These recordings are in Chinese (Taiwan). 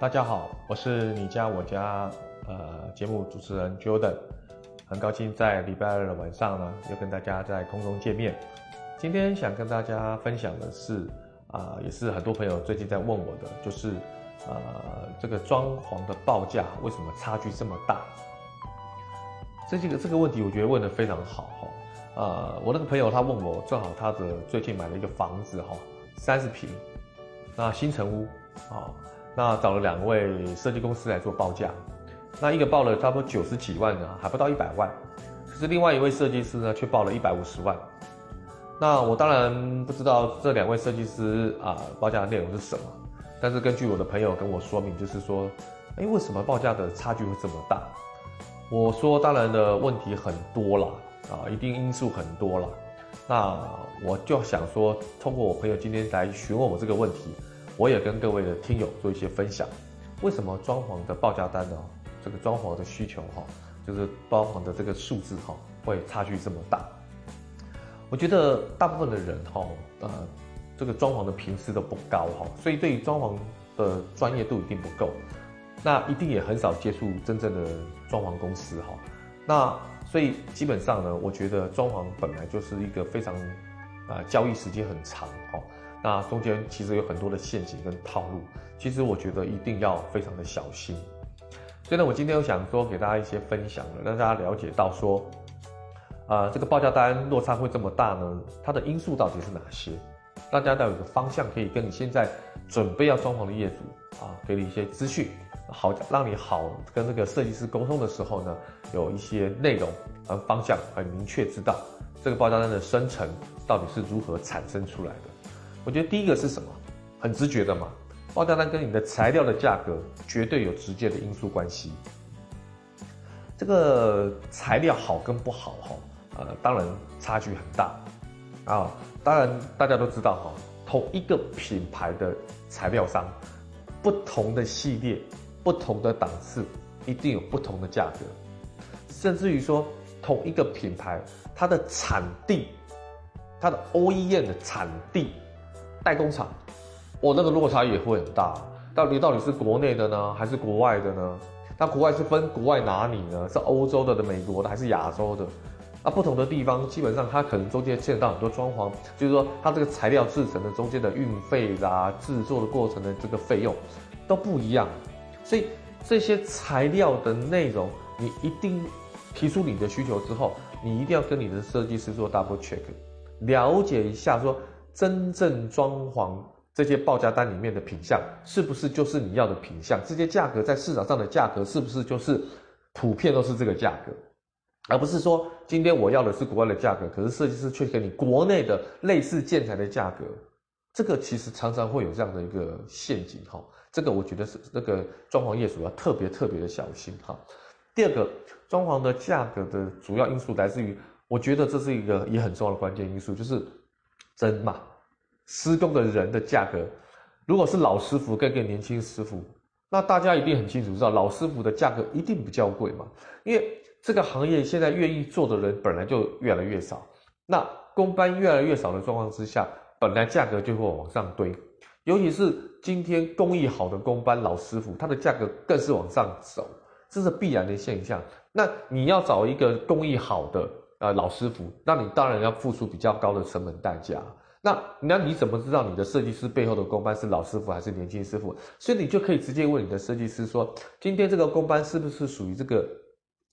大家好，我是你家我家呃節目主持人 Jordan，很高興在禮拜二的晚上呢又跟大家在空中見面。今天想跟大家分享的是啊、呃，也是很多朋友最近在問我的，就是呃，這個裝潢的報價為什麼差距這麼大？這幾個這個問題我覺得問得非常好哈、哦。呃，我那個朋友他問我，正好他的最近買了一個房子哈，三十平，哦，那新成屋啊。哦那找了兩位設計公司來做報價，那一個報了差不多九十幾萬呢，還不到一百萬，可是另外一位設計師呢卻報了一百五十萬。那我當然不知道這兩位設計師啊報價的內容是什麼，但是根據我的朋友跟我說明，就是說，哎，為什麼報價的差距會這麼大？我說當然的問題很多啦，啊，一定因素很多啦。那我就想說，通過我朋友今天來詢問我這個問題。我也跟各位的聽友做一些分享，為什麼裝潢的報價單呢？這個裝潢的需求哈，就是包含的這個數字哈，會差距這麼大？我覺得大部分的人哈，呃，這個裝潢的頻次都不高哈，所以對於裝潢的專業度一定不夠，那一定也很少接觸真正的裝潢公司哈，那所以基本上呢，我覺得裝潢本來就是一個非常啊、呃，交易時間很長哈。那中間其實有很多的陷阱跟套路，其實我覺得一定要非常的小心。所以呢，我今天有想說給大家一些分享的，讓大家了解到說，啊、呃，這個報價單落差會這麼大呢？它的因素到底是哪些？大家要有個方向，可以跟你現在準備要裝潢的業主啊，給你一些資訊，好讓你好跟這個設計師溝通的時候呢，有一些內容和方向很明確，知道這個報價單的生成到底是如何產生出來的。我覺得第一個是什麼，很直覺的嘛，報價單，單跟你的材料的價格絕對有直接的因素關係。這個材料好跟不好哈，呃，當然差距很大啊。當然大家都知道哈，同一個品牌的材料商，不同的系列、不同的檔次，一定有不同的價格。甚至於說，同一個品牌，它的產地，它的 OEM 的產地。代工廠，哦，那個落差也會很大。到底到底是國內的呢，還是國外的呢？那國外是分國外哪裡呢？是歐洲的、的美國的，還是亞洲的？啊，不同的地方，基本上它可能中間牽扯到很多裝潢，就是說它這個材料制成的中間的運費啊，制作的過程的這個費用都不一樣。所以這些材料的內容，你一定提出你的需求之後，你一定要跟你的設計師做 double check，了解一下說。真正裝潢這些報價單裡面的品項是不是就是你要的品項？這些價格在市場上的價格是不是就是普遍都是這個價格，而不是說今天我要的是國外的價格，可是設計師卻給你國內的類似建材的價格。這個其實常常會有這樣的一個陷阱哈。這個我覺得是那個裝潢業主要特別特別的小心哈。第二個裝潢的價格的主要因素來自於，我覺得這是一個也很重要的關鍵因素，就是。真嘛，施工的人的價格，如果是老師傅跟一個年輕師傅，那大家一定很清楚，知道老師傅的價格一定比較貴嘛。因為這個行業現在願意做的人本來就越來越少，那工班越來越少的狀況之下，本來價格就會往上堆，尤其是今天工藝好的工班老師傅，他的價格更是往上走，這是必然的現象。那你要找一個工藝好的。呃，老師傅，那你當然要付出比較高的成本代價。那那你怎麼知道你的設計師背後的工班是老師傅還是年輕師傅？所以你就可以直接問你的設計師說，今天這個工班是不是屬於這個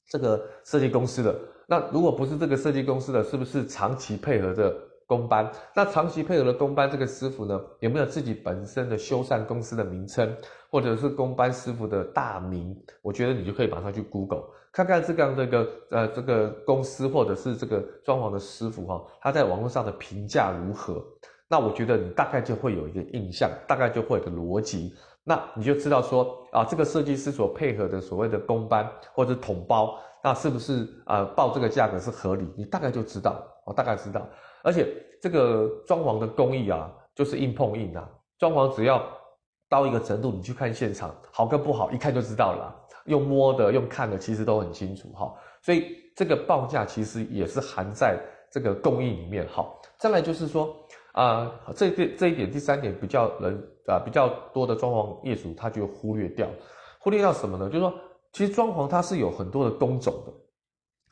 這個設計公司的？那如果不是這個設計公司的，是不是長期配合的工班？那長期配合的工班這個師傅呢，有沒有自己本身的修繕公司的名稱？或者是工班師傅的大名，我覺得你就可以馬上去 Google 看看這樣的一個、那個、呃這個公司或者是這個裝潢的師傅哈、啊，他在網絡上的評價如何？那我覺得你大概就會有一個印象，大概就會有一個邏輯，那你就知道說啊，這個設計師所配合的所謂的工班或者統包，那是不是啊報這個價格是合理？你大概就知道，我、啊、大概知道，而且這個裝潢的工藝啊，就是硬碰硬啊，裝潢，只要。到一個程度，你去看現場，好跟不好，一看就知道了啦。用摸的，用看的，其實都很清楚哈。所以這個報價其實也是含在這個工藝裡面。哈，再來就是說啊、呃，這這一點，第三點，比較人啊、呃、比較多的裝潢業主，他就忽略掉，忽略掉什麼呢？就是說，其實裝潢它是有很多的工種的，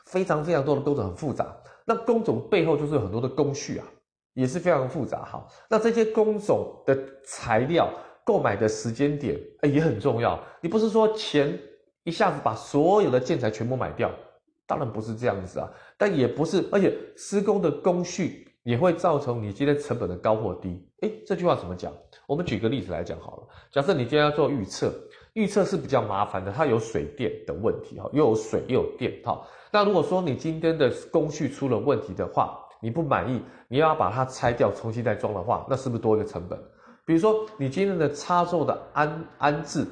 非常非常多的工種很複雜。那工種背後就是有很多的工序啊，也是非常複雜哈。那這些工種的材料。購買的時間點，欸，也很重要，你不是說錢一下子把所有的建材全部買掉，當然不是這樣子啊，但也不是，而且施工的工序也會造成你今天成本的高或低。誒、欸，這句話怎麼講？我們舉個例子來講好了。假設你今天要做預測，預測是比較麻煩的，它有水電的問題哈、哦，又有水又有電哈、哦。那如果說你今天的工序出了問題的話，你不滿意，你要把它拆掉重新再裝的話，那是不是多一個成本？比如說，你今天的插座的安安置，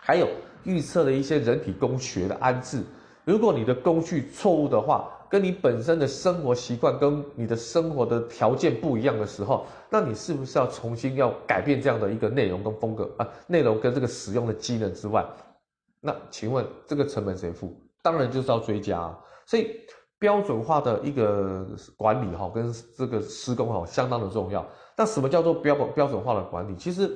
還有預測的一些人體工學的安置，如果你的工序錯誤的話，跟你本身的生活習慣跟你的生活的條件不一樣的時候，那你是不是要重新要改變這樣的一個內容跟風格啊？內容跟這個使用的機能之外，那請問這個成本誰付？當然就是要追加啊，所以。標準化的一個管理哈、哦，跟這個施工哈、哦，相當的重要。那什麼叫做標標準化的管理？其實，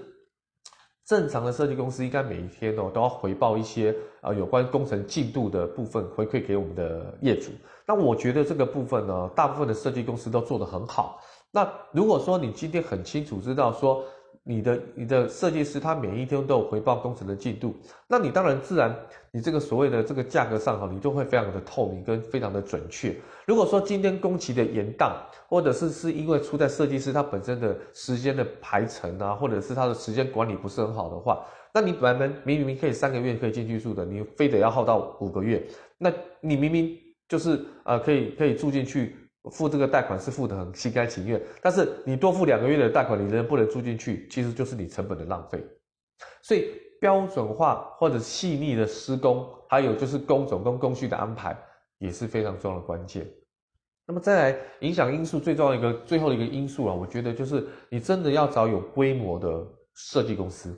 正常的設計公司應該每一天哦，都要回報一些啊、呃、有關工程進度的部分回饋給我們的業主。那我覺得這個部分呢，大部分的設計公司都做得很好。那如果說你今天很清楚知道說你的你的設計師他每一天都有回報工程的進度，那你當然自然你這個所謂的這個價格上哈，你就會非常的透明跟非常的準確。如果說今天工期的延宕，或者是是因為出在設計師他本身的時間的排程啊，或者是他的時間管理不是很好的話，那你本來明明明可以三個月可以進去住的，你非得要耗到五個月，那你明明就是呃可以可以住進去。付這個貸款是付得很心甘情願，但是你多付兩個月的貸款，你仍然不能住進去，其實就是你成本的浪費。所以標準化或者細膩的施工，還有就是工種跟工序的安排，也是非常重要的關鍵。那麼再來，影響因素最重要一個，最後一個因素啊，我覺得就是你真的要找有規模的設計公司。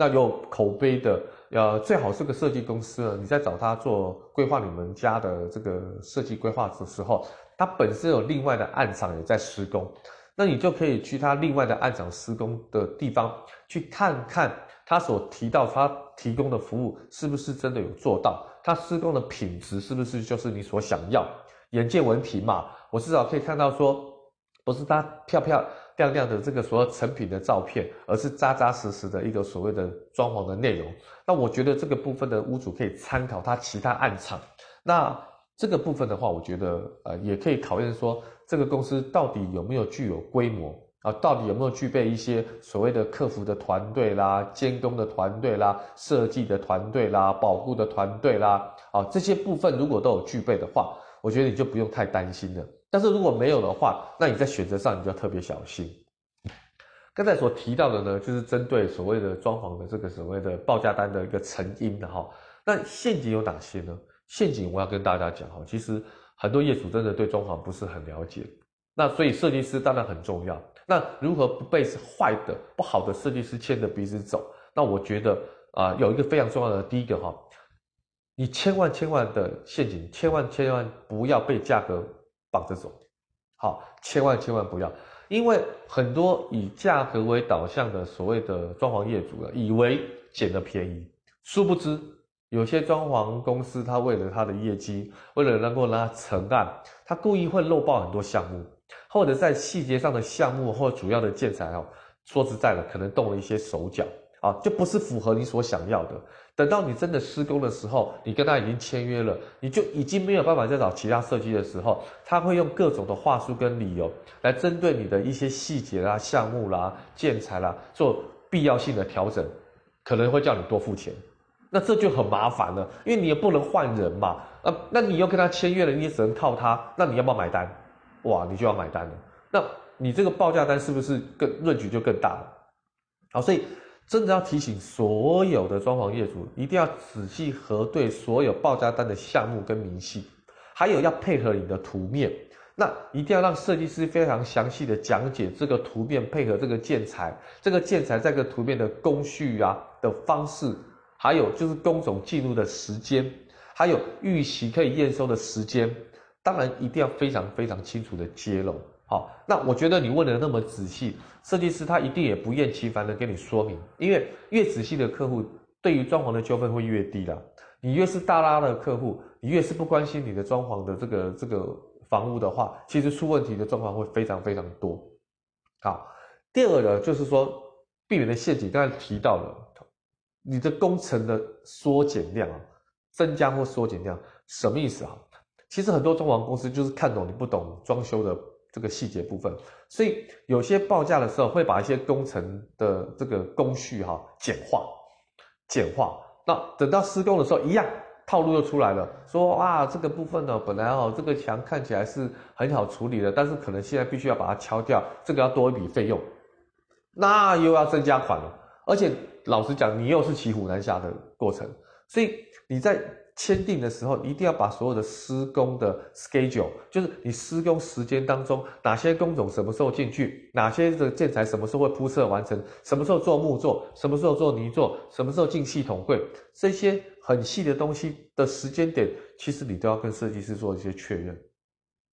那有口碑的，呃，最好是個設計公司呢。你在找他做規劃你們家的這個設計規劃的時候，他本身有另外的案場也在施工，那你就可以去他另外的案場施工的地方去看看，他所提到他提供的服務是不是真的有做到，他施工的品質是不是就是你所想要。眼見為憑嘛，我至少可以看到說，不是他票票亮亮的這個所有成品的照片，而是扎扎實實的一個所謂的裝潢的內容。那我覺得這個部分的屋主可以參考他其他案場。那這個部分的話，我覺得呃也可以考驗說，這個公司到底有沒有具有規模啊，到底有沒有具備一些所謂的客服的團隊啦、監工的團隊啦、設計的團隊啦、保護的團隊啦啊，這些部分如果都有具備的話，我覺得你就不用太擔心了。但是如果沒有的話，那你在選擇上你就要特別小心。剛才所提到的呢，就是針對所謂的裝潢的這個所謂的報價單的一個成因的哈。那陷阱有哪些呢？陷阱我要跟大家講哈，其實很多業主真的對裝潢不是很了解，那所以設計師當然很重要。那如何不被壞的不好的設計師牽着鼻子走？那我覺得啊，有一個非常重要的第一個哈，你千萬千萬的陷阱，千萬千萬不要被價格。綁着走，好，千萬千萬不要，因為很多以價格為導向的所謂的裝潢業主啊，以為撿了便宜，殊不知有些裝潢公司他為了他的業績，為了能夠讓他成案，他故意會漏報很多項目，或者在細節上的項目或主要的建材哦，說實在的，可能動了一些手腳。啊，就不是符合你所想要的。等到你真的施工的時候，你跟他已經簽約了，你就已經沒有辦法再找其他設計的時候，他會用各種的話術跟理由來針對你的一些細節啦、啊、項目啦、啊、建材啦、啊、做必要性的調整，可能會叫你多付錢。那這就很麻煩了，因為你也不能換人嘛。啊，那你又跟他簽約了，你也只能靠他。那你要不要買單？哇，你就要買單了。那你這個報價單是不是更論據就更大了？好，所以。真的要提醒所有的裝潢業主，一定要仔細核對所有報價單的項目跟明細，還有要配合你的圖面，那一定要讓設計師非常詳細的講解這個圖面配合這個建材，這個建材在這個圖面的工序啊的方式，還有就是工種進入的時間，還有預期可以驗收的時間，當然一定要非常非常清楚的揭露。好，那我覺得你問的那麼仔細，設計師他一定也不厭其煩的跟你說明，因為越仔細的客戶，對於裝潢的糾紛會越低啦，你越是大拉的客戶，你越是不關心你的裝潢的這個這個房屋的話，其實出問題的狀況會非常非常多。好，第二個就是說避免的陷阱，剛才提到了，你的工程的縮減量、增加或縮減量，什麼意思啊？其實很多裝潢公司就是看懂你不懂裝修的。這個細節部分，所以有些報價的時候會把一些工程的這個工序哈、哦、簡化，簡化。那等到施工的時候，一樣套路就出來了，說哇、啊、這個部分呢、哦，本來哦這個牆看起來是很好處理的，但是可能現在必須要把它敲掉，這個要多一筆費用，那又要增加款了。而且老實講，你又是騎虎難下的過程，所以你在。簽訂的時候一定要把所有的施工的 schedule，就是你施工時間當中哪些工種什麼時候進去，哪些的建材什麼時候會鋪設完成，什麼時候做木作，什麼時候做泥作，什麼時候進系統櫃，這些很細的東西的時間點，其實你都要跟設計師做一些確認，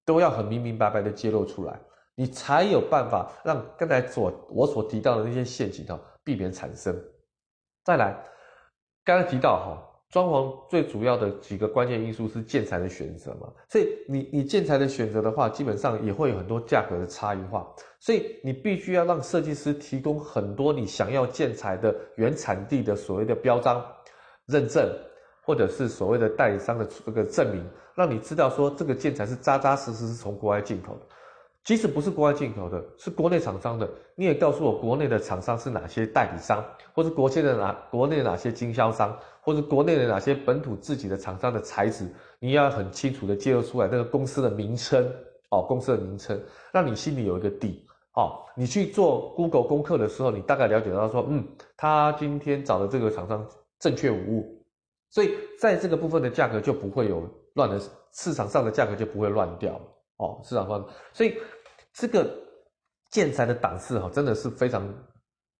都要很明明白白的揭露出來，你才有辦法讓剛才所我所提到的那些陷阱哈避免產生。再來，剛才提到哈。裝潢最主要的幾個關鍵因素是建材的選擇嘛，所以你你建材的選擇的話，基本上也會有很多價格的差異化，所以你必須要讓設計師提供很多你想要建材的原產地的所謂的標章、認證，或者是所謂的代理商的這個證明，讓你知道說這個建材是扎扎實實是從國外進口的。即使不是國外進口的，是國內廠商的，你也告訴我國內的廠商是哪些代理商，或是國內的哪國內的哪些經銷商，或者國內的哪些本土自己的廠商的材質，你要很清楚的介紹出來那個公司的名稱哦，公司的名稱，讓你心裡有一個底哦。你去做 Google 功課的時候，你大概了解到說，嗯，他今天找的這個廠商正確無誤，所以在這個部分的價格就不會有亂的，市場上的價格就不會亂掉哦，市場上，所以。這個建材的檔次哈，真的是非常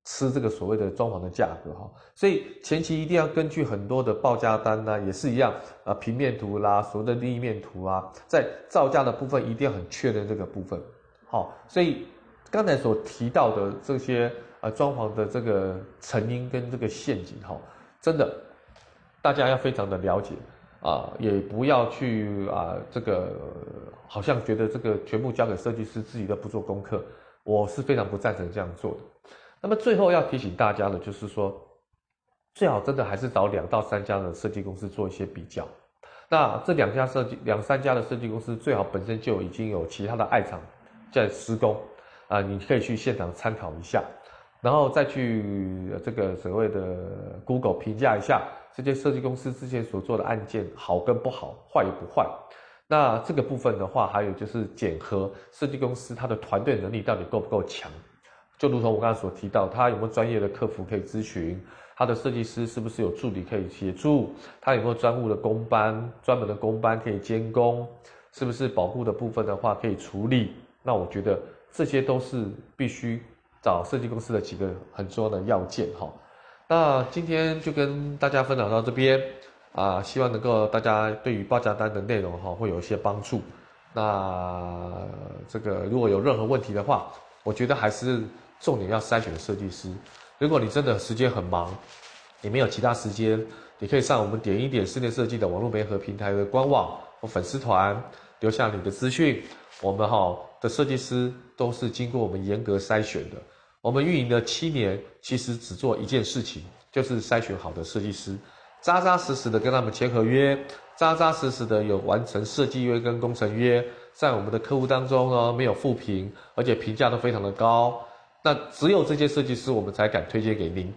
吃這個所謂的裝潢的價格哈，所以前期一定要根據很多的報價單吶、啊，也是一樣啊，平面圖啦，所謂的立面圖啊，在造價的部分一定要很確認這個部分。好，所以剛才所提到的這些啊，裝潢的這個成因跟這個陷阱哈，真的大家要非常的了解。啊，也不要去啊，這個好像覺得這個全部交給設計師自己都不做功課，我是非常不贊成這樣做的。那麼最後要提醒大家的就是說，最好真的還是找兩到三家的設計公司做一些比較。那這兩家設計、兩三家的設計公司最好本身就已經有其他的案場，在施工，啊，你可以去現場參考一下，然後再去這個所謂的 Google 評價一下。這些設計公司之前所做的案件好跟不好，壞與不壞。那這個部分的話，還有就是檢核設計公司他的團隊能力到底夠不夠強。就如同我剛才所提到，他有沒有專業的客服可以諮詢，他的設計師是不是有助理可以協助，他有沒有專務的工班，專門的工班可以監工，是不是保護的部分的話可以處理。那我覺得這些都是必須找設計公司的幾個很重要的要件哈。那今天就跟大家分享到這邊啊，希望能夠大家對於報價單的內容齁，會有一些幫助。那這個如果有任何問題的話，我覺得還是重點要篩選設計師。如果你真的時間很忙，你沒有其他時間，你可以上我們點一點室內設計的網絡媒合平台的官網和粉絲團，留下你的資訊。我們齁，的設計師都是經過我們嚴格篩選的。我們運營了七年，其實只做一件事情，就是篩選好的設計師，扎扎實實的跟他們簽合約，扎扎實實的有完成設計約跟工程約，在我們的客戶當中呢，沒有負評，而且評價都非常的高。那只有這些設計師，我們才敢推薦給您。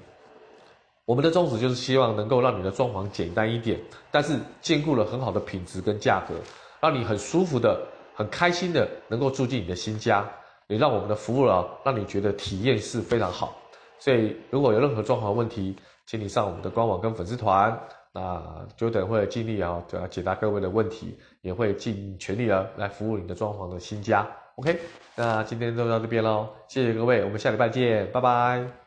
我們的宗旨就是希望能夠讓你的裝潢簡單一點，但是兼顧了很好的品質跟價格，讓你很舒服的、很開心的能夠住進你的新家。也讓我們的服務了、啊，讓你覺得體驗是非常好。所以如果有任何裝潢問題，請你上我們的官網跟粉絲團，那就等會盡力啊，解答各位的問題，也會盡全力的來服務你的裝潢的新家。OK，那今天就到這邊嘍，謝謝各位，我們下禮拜見，拜拜。